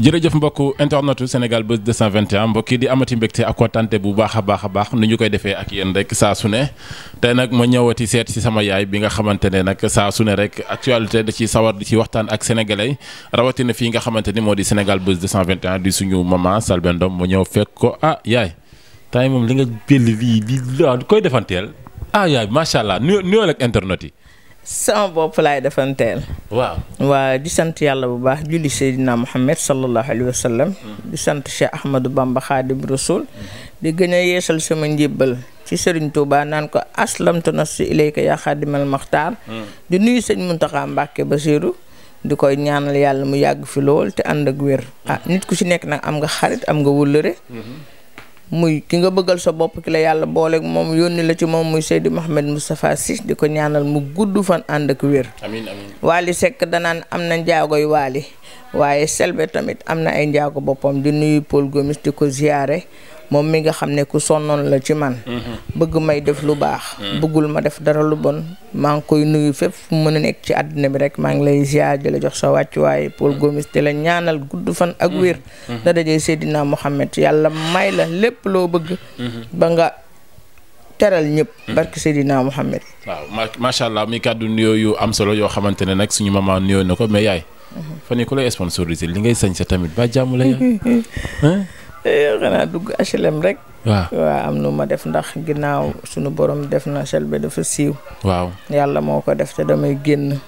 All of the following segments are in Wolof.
jërëjëf mbokku internetu Sénégal Buzz 221 mbokk di amati mbégte ak kontante bu baax a baax a baax ni ñu koy defee ak yéen rek saa su ne tey nag ma ñëwati seet si sama yaay bi nga xamante ne nag saa su ne rek actualité da ci sawar di ci waxtaan ak sénégalais rawatina fii nga xamante ni moo di Sénégal Buzz 221 di suñu maman Selbé Ndom mu ñëw fekk ko ah yaay tay moom li nga pelli lii lii koy defanteel ah yaay macha allah nuyoo nuyoo ak internet yi. sama bopp laay defanteel. waaw waa di sant yàlla bu baax julli Seydina Muhammad sallallahu alayhi wa sallam. Mm. di sant Cheikh Ahmadou Bamba Xaadim Rasul. Mm-hmm. di gën a yeesal sama njébbal ci Serigne Touba naan ko aslamtu nafsi ilayka yaa xaadimal maxtaar. Mm. di nuyu sëñ Muntaxa Mbàkke Basiru di koy ñaanal yàlla mu yàgg fi lool te ànd ak wér. ah nit ku ci nekk nag am nga xarit am nga wëllëre. Mm-hmm. muy ki nga bëggal sa bopp ki la yàlla booleek moom yónni la ci moom muy Seydi Mouhamed Moustapha si di ko ñaanal mu gudd fan ànd ak wér. amiin sekk danaan am na njaagoy Waly waaye Selbé tamit am na ay njaago boppam di nuyu Paul Gomis di ko ziyaare. moom mi nga xam ne ku sonnoon la ci man mhm. bëgg may def lu baax mhm. bëggul ma def dara lu bon maa ngi koy nuyu fépp fu mën a nekk ci àddina bi rek maa ngi lay ziar di jox sa wàccuwaay Paul mhm. Gomis di la ñaanal gudd fan ak wér da dajee Seydina Mohamed yàlla may la lépp loo bëgg ba nga teral ñëpp barke Seydina Mohamed waaw macha allah mi kàddu nuyoo yu am solo yoo xamante ne nag suñu maman nuyoo na ko mais yaay fan yi ku lay sponsorisé li ngay sañ sa tamit ba jàmm Eh, xanaa dugg HLM rek. waaw am nu ma def ndax ginnaaw sunu borom def na Selbé dafa siiw. waaw yàlla moo ko def te damay génn.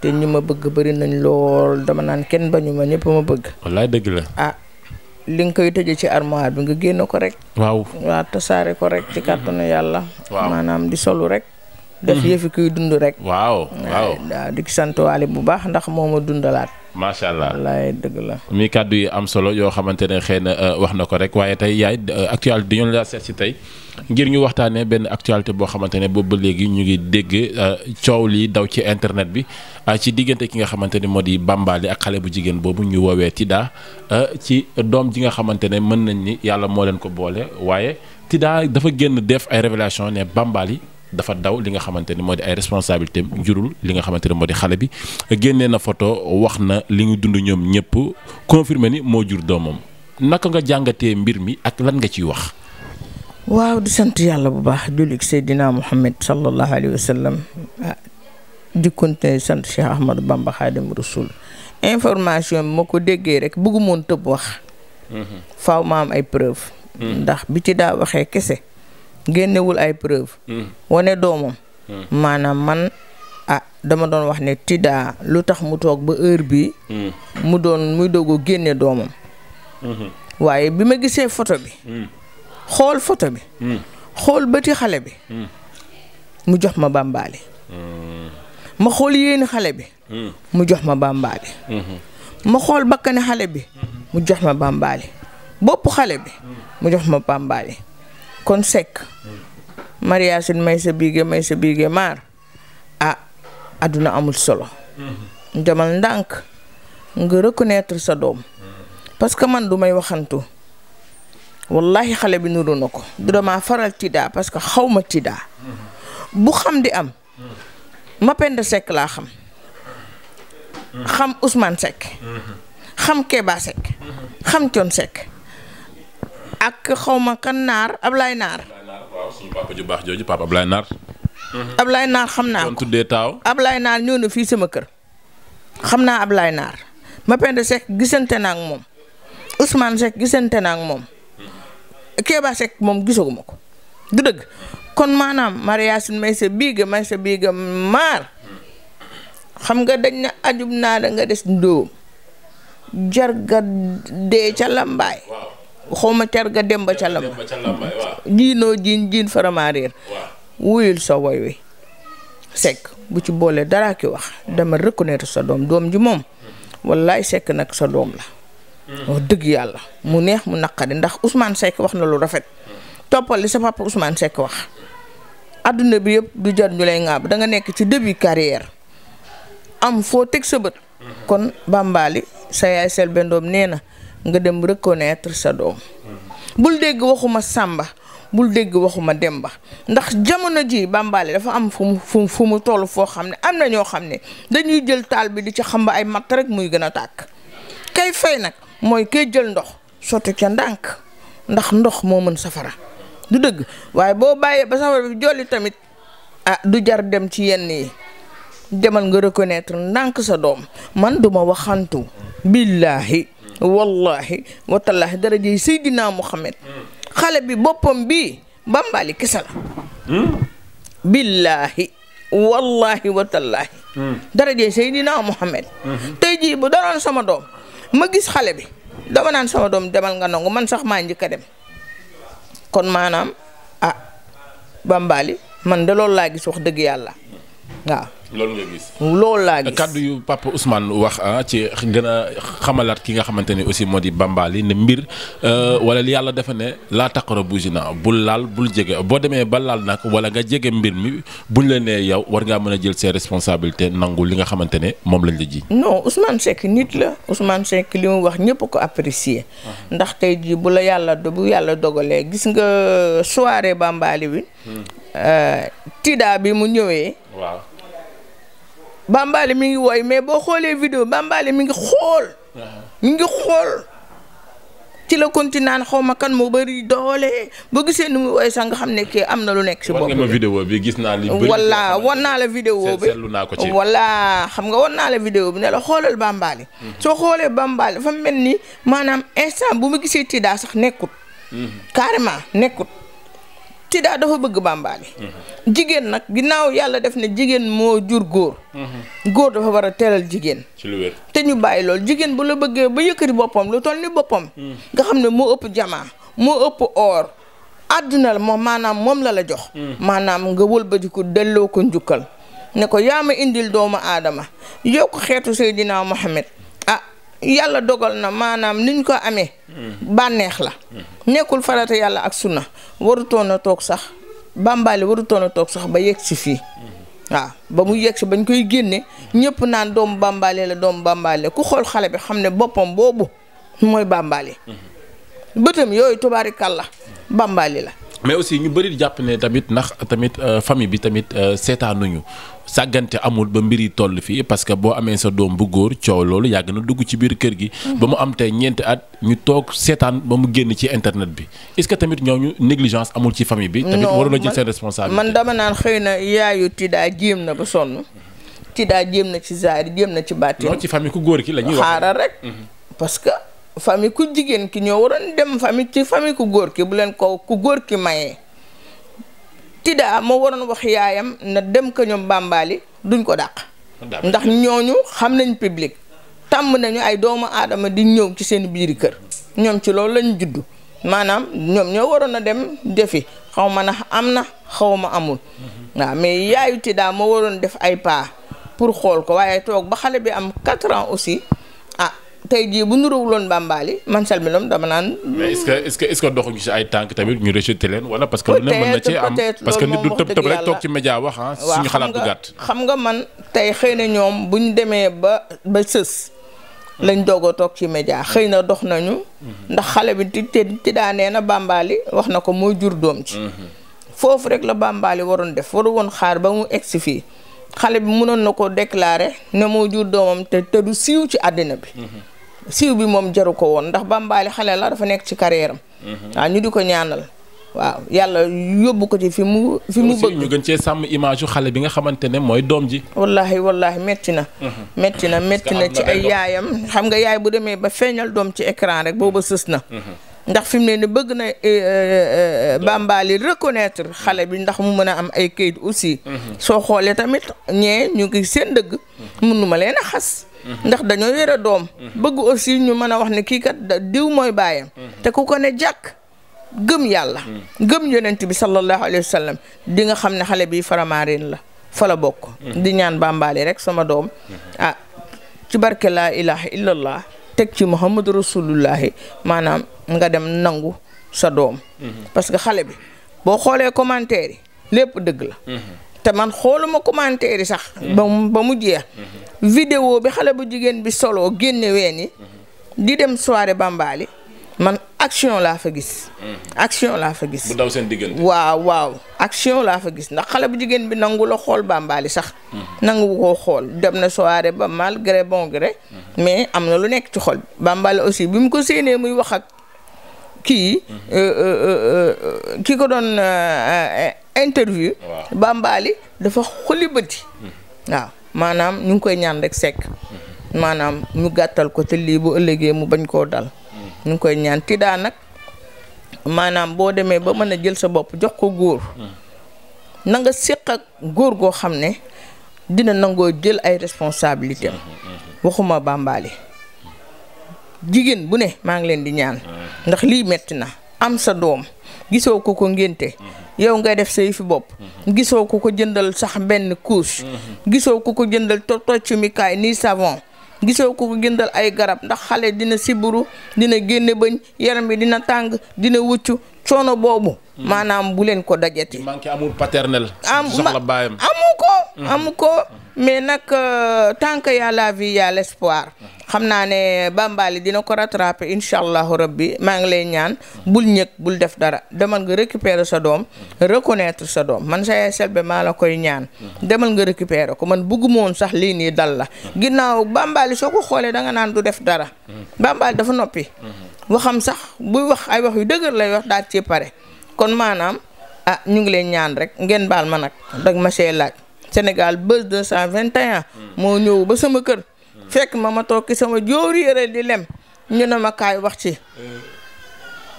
te ñu ma bëgg bëri nañ lool dama naan kenn bañu ma ñëpp ma bëgg. wallaay dëgg la ah. li nga koy tëjee ci armoire bi nga génn ko rek. waaw waaw tasaare ko rek ci kàttanu yàlla. waaw maanaam di solu rek. def hmm. yëfi kuy dund rek. waaw waaw di sant waale bu baax ndax moo ma dundalaat. macha allah wallaay mi kàddu yi am solo yoo xamante ne xëy na euh, wax na ko rek waaye tey yaay euh, actualité dañu la seet si tey ngir ñu waxtaanee benn actualité boo xamante ne boobu ba léegi ñu ngi dégg euh, coow li daw ci internet bi ci diggante ki nga xamante ne moo di Bambaly ak xale bu jigéen boobu ñu woowee Tida ci doom ji nga xamante ne mën nañ ni yàlla moo leen ko boole waaye Tida dafa génn def ay révélation ne Bambaly dafa daw li nga xamante ni moo di ay responsabilité jurul li nga xamante ni moo di xale bi génnee na foto wax na li ñu dund ñoom ñëpp confirmé ni moo jur doomam naka nga jàngatee mbir mi ak lan nga ciy wax. waaw di sant yàlla bu baax jullit Seydina Muhammad sallallahu alayhi wa sallam di ah, continuer sant Cheikh Ahmadou Bamba Xaadim Rasul information bi ma ko déggee rek bëggu moon tëb wax. Mhm. faaw ma ay preuve mhm. ndax bi ci daa waxee kese. génnewul ay preuve hmm. wane doomam hmm. maanaam man a ah, dama doon wax ne Tida lu tax mu toog ba heure bii hmm. mu doon muy doog génne doomam waaye bi ma gisee photo bi xool foto bi xool bëti xale bi mu jox ma bàmbaali ma xool yéeni xale bi mu jox ma bàmbaali ma xool bakkani xale bi mu jox ma bàmbaali bopp xale bi mu jox ma bàmbaali kon sekk mariage may sa biige may sa biige maar ah àdduna amul solo mm-hmm. jamal ndànk nga reconnaître sa doom mm-hmm. parce que man du may waxantu wallahi xale bi nuru na ko du mm-hmm. dama faral tiddaa parce que xaw ma tiddaa bu xam di am ma pend sekk laa xam xam Ousmane Seck xam Kéba Seck xam Thione Seck ak xawma ka naar Ablaye Naar. waaw suñu papa Naar. xam naa ko doon tuddee Naar ñëw na fii sama kër xam naa Ablaye Naar Mapenda gisante na ak moom Ousmane Seck gisante na ak moom Kéba Seck moom gisaguma ko du dëgg kon maanaam mariage may sa biiga may sa biiga maar xam nga dañ na ajub naa nga des ndóom jarga dee ca lambaay xawma terga dem ba ca lamba jiinoo jiin jiin faramaaréer wuyul sa woy wi sekk bu ci boole dara ki wax dama reconnaître sa doom doom ji moom wallaay sekk nag sa doom la hmm. dëgg yàlla mu neex mu naqari ndax usmaan Seck wax na lu rafet toppal li sa papa Ousmane Seck wax adduna bi yëpp du jar ñu lay ŋaab da nekk ci début carrière am foo teg sa bët hmm. kon Bambaali sa yaay Selbé Ndom nee na nga dem reconnaître sa doom bul dégg waxuma sàmba bul dégg waxuma ba ndax jamono ji bàmbaale dafa am fu mu fu mu toll foo xam ne am na ñoo xam ne dañuy jël taal bi di ci xamba ay matt rek muy gën a tàkk kay fay nag mooy kay jël ndox sotti ca ndànk ndax ndox moo mën safara du dëgg waaye boo bàyyee ba safara bi jolli tamit ah du jar dem ci yenn yi demal nga reconnaître ndànk sa doom man duma waxantu billaahi wallahi watallaahi daraja yi Seydina Muhammad hmm. xale bi boppam bii bàmbaali kese hmm? billaahi wallahi watallaahi hmm. daraja yi Seydina Muhammad tey jii bu danoon sama doom ma gis xale bi dama naan sama doom demal nga nangu man sax maa njëkk a dem kon maanaam ah bàmbaali man de loolu laa gis wax dëgg yàlla waaw loolu nga gis. laa gis kaddu yu papa Ousmane wax ah, ci gën a xamalaat ki nga xamante ni aussi moo di Bambaali ne mbir euh, wala li yàlla dafa ne laa taqrabu zina bul laal bul jege boo demee ba laal nag wala nga jege mbir mi bu buñ la nee yow war ngaa mën a jël seen responsabilités nangu li nga xamante ne moom lañ la ji. non Ousmane Seck nit la Ousmane Seck li mu wax ñëpp ko apprécier ndax tey jii bu la yàlla do bu yàlla dogalee gis nga soirée Bambaali bi. Hmm. Euh, Tida bi mu ñëwee. waaw. Bambaly mi ngi woy mais boo xoolee vidéo Bambaly mi ngi xool. mi ngi xool. ci la continent xaw ma kan moo bari doole boo gisee nu mu woy sax nga xam ne kii am na lu nekk. si bopp bi gis naa li bëri walla wan naa la vidéo bi naa ko ci. walla xam nga wan naa la vidéo bi ne la xoolal Bambaly. Mm-hmm. soo xoolee Bambaly dafa mel nii maanaam instant bu ma gisee tii Tida sax nekkut. Mm-hmm. carrément nekkut. daa dafa bëgg bàmbaali jigéen nag ginnaaw yàlla def na jigéen moo jur góor góor dafa war a teral jigéen ci lu te ñu bàyyi lool jigéen bu la bëggee ba yëkkati boppam lu toll ni boppam nga xam ne moo ëpp jamaa moo ëpp or àdduna la moom maanaam moom la la jox maanaam nga wëlbatiku delloo ko njukkal ne ko yaa ma indil doomu aadama yokk xeetu Seydina Mohamed yàlla dogal na maanaam niñ ko amee bànneex la nekkul farata yàlla ak sunna warutoon a toog sax bàmbaali warutoon a toog sax ba yegg si fii waaw ba mu yegg si bañ koy génne ñëpp naan doomu bàmbaale la doomu bàmbaale ku xool xale bi xam ne boppam boobu mooy bàmbaali bëtam yooyu tubaarikàlla bàmbaali la mais aussi ñu bëri jàpp ne tamit ndax tamit euh, famille bi tamit euh, seetaanuñu sàggante amul ba mbir yi toll fii parce que boo amee sa doom bu góor coow loolu yàgg na dugg ci biir kër gi. Mhm. ba mu am tey ñeenti at ñu toog seetaan ba mu génn ci internet bi est-ce que tamit ñooñu négligence amul ci famille bi. tamit waroon na jël seen responsabilité man dama naan xëy na yaayu Tida jéem na ba sonn. Tida jéem na ci zaari jéem na ci bàttin. non ci famille ku góor ki la ñuy wax xaaral rek. Mhm. parce que famille ku jigéen ki ñoo waroon dem famille ci famille ku góor ki bu leen koo ku góor ki mayee. Tida moo waroon wax yaayam na dem ko ñoom bàmbaali duñ ko dàq. ndax ñooñu xam nañ public. tàmm nañu ay doomu aadama di ñëw ci seen biiri kër ñoom ci loolu lañu juddu maanaam ñoom ñoo waroon a dem defi xaw ma na am na xaw ma amul. Mhm. waaw mais yaayu Tida moo waroon def ay pas pour xool ko waaye toog ba xale bi am 4 ans aussi. tey jii bu nuróowuloon bàmbaali man Selmi Lom dama naan. mais est-ce que est-ce que si ay tànk tamit ñu rejeté leen wala parce que. lu que nit du tëb tëb rek toog ci média wax ah. suñu xalaat bu gàtt xam nga man tey xëy na ñoom bu ñu demee ba ba sës. lañ doog a toog ci média xëy na dox nañu. Mhm. ndax xale bi ti ti daanee na bàmbaali wax na ko mooy jur doom ci. Mhm. foofu rek la bàmbaali waroon def waru woon xaar ba mu si fii. xale bi mënoon na ko déclarer ne moo jur doomam te te siiw ci àddina bi. Mhm. siiw bi moom jaru ko woon ndax Bambaali xale la dafa nekk ci carrière am. Mhm. ñu di ko ñaanal. waaw yàlla yóbbu ko ci fi mu. fi mu bëgg ñu sàmm image xale bi nga xamante ne mooy doom ji. wallaahi wallaahi metti na. Mhm. metti na metti na ci ay yaayam xam nga yaay bu demee ba feeñal doom ci écran rek booba sës na. Mhm. ndax fi mu ne ni bëgg na eh, eh, eh, Bambaali reconnaître xale bi ndax mu mën a am ay kayit aussi. soo xoolee tamit ñee ñu ngi seen dëgg. mënuma leen a xas. ndax dañoo yore doom. bëgg aussi ñu mën a wax ne kii kat diw mooy baayam. te ku ko ne jàkk gëm yàlla. gëm yonent bi sallallahu alayhi wa sallam di nga xam ne xale bi faramarin la fa la bokk. di ñaan bàmbaali rek sama doom. ah ci barke laa ilaha illallah teg ci muhammadu rasulullahi maanaam nga dem nangu sa doom. parce que xale bi boo xoolee commentaire yi lépp dëgg la. Mm-hmm. te man xooluma commentaire sax. ba mu ba mu jeex. vidéo bi xale bu jigéen bi solo génne ween yi di dem soirée Bambaali man action laa fa gis. Mm-hmm. action laa fa gis. bu daw seen diggante. waaw waaw action laa fa gis ndax xale bu jigéen bi nangu la xool Bambaali sax. Mm-hmm. nangu koo xool dem na soirée ba mal gré bon gré. Mm-hmm. mais am na lu nekk ci xol Bambaali aussi bi mu ko séenee muy wax ak kii. Euh, euh, euh, ki ko doon interview. Bambaali dafa xoli bëti waaw. maanaam ñu ngi koy ñaan rek sekk maanaam ñu gàttal ko ci lii bu ëllëgee mu bañ koo dal ñu ngi koy ñaan tiddaa nag maanaam boo demee ba mën a jël sa bopp jox ko góor na nga séq ak góor goo xam ne dina nangoo jël ay responsabilité waxuma bàmbaali jigéen bu ne maa ngi leen di ñaan ndax lii metti na am sa doom gisoo ko ko ngénte yow ngay def say fi bopp gisoo ko ko jëndal sax benn couche. Mhm. gisoo ko ko jëndal to toccumikaay nii savon. gisoo ku ko jëndal ay garab ndax xale dina siburu dina génne bëñ yaram bi dina tàng dina wucc coono boobu. Mhm. maanaam bu leen ko dajati. manqué amul paternel. am soxla baayam amu ko. Mhm. amu ko mais nag euh, tant que y a la vie y l'espoir. xam naa ne bàmbaali dina ko rattraper incha allahu rabbi maa ngi lay ñaan bul ñëg bul def dara demal nga récupérer sa doom reconnaître sa doom man sa yaay selbe maa la koy ñaan demal nga récupérer ko man bugguma woon sax lii nii dal la ginnaaw bàmbaali soo ko xoolee danga naan du def dara bàmbaali dafa noppi waxam sax buy wax ay wax yu dëgër lay wax daal ci pare kon maanaam ah ñu ngi leen ñaan rek ngeen baal ma nag dag ma see laaj Sénégal Buzz 221 moo ñëw ba sama kër fekk ma ma toog ki sama jóori yëre di lem ñu ne ma kaay wax ci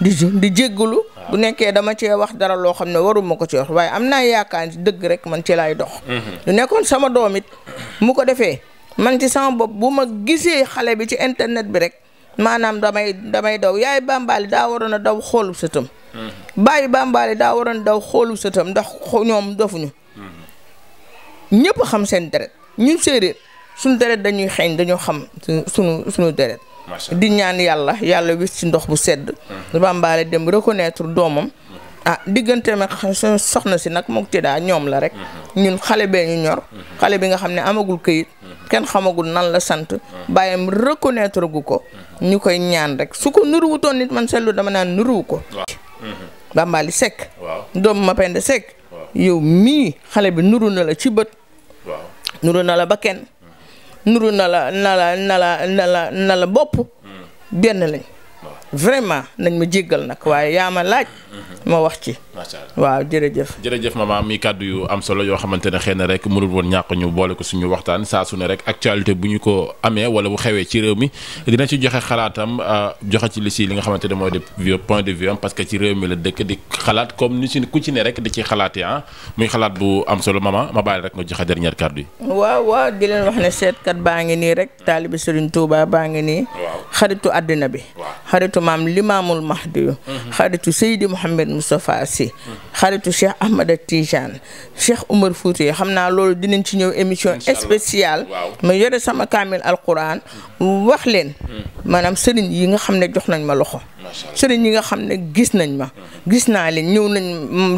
di di jéggalu bu nekkee dama cee wax dara loo xam ne waruma ko ci wax waaye am naa yaakaan ci dëgg rek man ci laay dox mhm. lu nekkoon sama doom it mu ko defee man ci sama bopp bu ma gisee xale bi ci internet bi rek maanaam damay damay daw yaay bàmbaali daa waroon a daw xoolu sëtam bàyyi mhm. bàmbaali daa waroon a daw xoolu sëtam ndax ñoom dofuñu mhm. ñëpp xam seen deret ñun séeréer suñu deret dañuy xeeñ dañoo xam suñu suñu deret di ñaan yàlla yàlla wis ci ndox bu sedd mm-hmm. bambaale dem reconnaître doomam mm-hmm. ah diggante ma soxna si nag mook teddaa ñoom la rek mm-hmm. ñun xale bee ñu ñor xale bi nga xam ne amagul këyit kenn xamagul nan la sant bàyyam reconnaître gu ko ñu koy ñaan rek su ko nuruwutoon nit man seetlu dama naan nuruwu ko bàmbaali sekk doom ma pend sekk yow mii xale bi nuru na la ci bët nuru na la ba kenn nuru na la na la na la na la na la bopp hmm. benn lañ vraiment nañ ma jéggal nag waaye yaa ma laaj hmm. ma wax ci macha allah waaw jërëjëf. jërëjëf maman mi kàddu yu am solo yoo xamante ne rek mënul woon ñàkk ñu boole ko suñu waxtaan saa su rek actualité bu ñu ko amee wala bu xewee ci réew mi dina ci joxe xalaatam euh, joxe ci li si li nga xamante mooy de point de vue am parce que ci réew mi la dëkk di xalaat comme ni si ku ci ne rek di ci xalaatee ah muy xalaat bu am solo maman ma bàyyi rek nga joxe dernière kàddu yi. waaw waaw di leen wax ne seetkat baa baa ngi nii. si xaritu Cheikh Ahmada Tijane Cheikh Umar Fouti xam naa loolu dinañ ci ñëw émission spéciale ma yore sama kaamil alquran wax leen hmm. maanaam sëriñ yi nga xam ne jox nañ ma loxo sëriñ yi nga xam ne gis nañ ma hmm. gis naa leen ñëw nañ mm,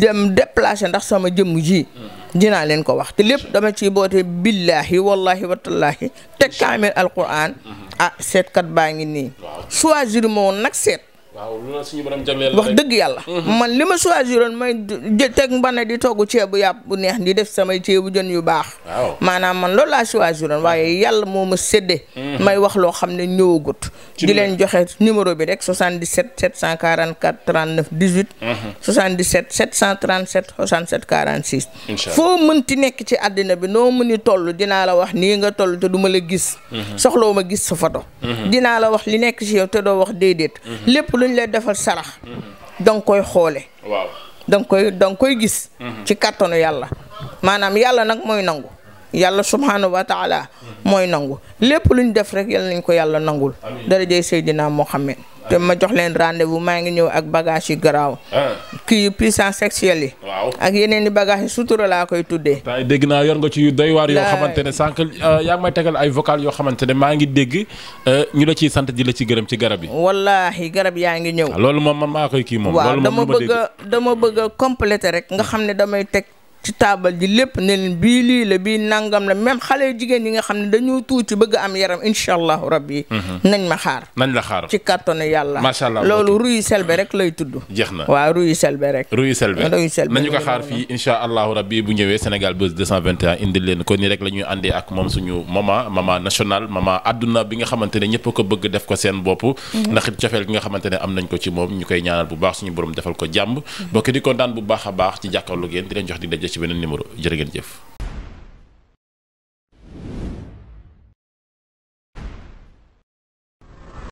dem déplacé ndax sama jëmm ji hmm. dinaa leen ko wax te lépp dama ciy boote billaahi wallahi watallaahi teg kaamil alquran ah seetkat baa ngi nii choisir ma nag seet waaw lu la wax dëgg yàlla. Mhm. man li ma choisiroon may teg mbana di togg ceebu yàpp bu neex di def samay ceebu jën yu baax. waaw maanaam man loolu laa choisiroon waaye mhm. yàlla moo ma séddee. Mhm. may wax loo xam ne ñëwagut. di leen joxe numéro bi rek 77 744 39 18. 77 737 67 46. incha allah foo ti nekk ci àddina bi noo mëni toll dinaa la wax nii nga toll te du la gis. soxloo ma gis sa foto. dinaa la wax li nekk ci yow te doo wax déedéet. lépp lu ñu lay defal sarax danga koy xoole waaw danga koy danga koy gis mhm. ci kàttanu yàlla maanaam yàlla nag mooy nangu yàlla subhaanahu wa taala mooy nangu lépp lu ñu def rek yal nañ ko yàlla nangul darajay Seydina Mohamed te ma jox leen rendez-vous maa ngi ñëw ak bagage yu garaaw ah. kii puissance sexuelle yi ak yeneen i bagage yi sutura laa koy tuddee tay dégg naa yor nga ci yu doy waar yoo xamante ne sànq euh, yaa ngi may tegal ay vocal yoo xamante ne maa ngi dégg euh, ñu la ciy sant di la ci gërëm ci garab yi wallaahi garab yaa ngi ñëw ah, loolu moom man maa koy kii moom waaw dama bëgg dama bëgg a nga xam ne damay teg ci taabal ji lépp ne leen bii lii la bii nangam la même xale jigéen yi nga xam ne dañoo tuuti bëgg am yaram incha allahu rabbi mhm. nañ ma xaar nañ la xaar ci kàttanu yàlla macha allah loolu ruyu selbe rek lay tudd jeex na waaw ruyu selbe rek ruyu selbe nañu ko xaar fii incha allahu rabbi bu ñëwee Sénégal Buzz 221 indi leen ko ni rek la ñuy àndee ak moom suñu mama mama national mama adduna bi nga xamante ne ñëpp ko bëgg def ko seen bopp mhm. ndax it cofeel gi nga xamante ne am nañ ko ci moom ñu koy ñaanal bu baax suñu borom defal ko jàmm mhm. bokk di kontaan bu baax a baax ci beneen numéro jërë ngeen